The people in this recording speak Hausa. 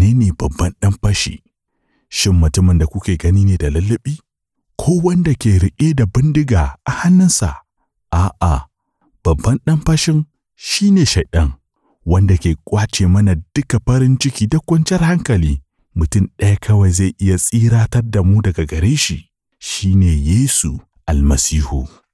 wane ne babban ɗan fashi, shin mutumin da kuke gani ne da lallabi, ko wanda ke riƙe da bindiga a hannunsa? A'a, babban ɗan fashin shi ne shaiɗan, wanda ke kwace mana duka farin ciki da kwanciyar hankali, mutum ɗaya kawai zai iya tsiratar da mu daga gare shi, shi ne Yesu almasihu.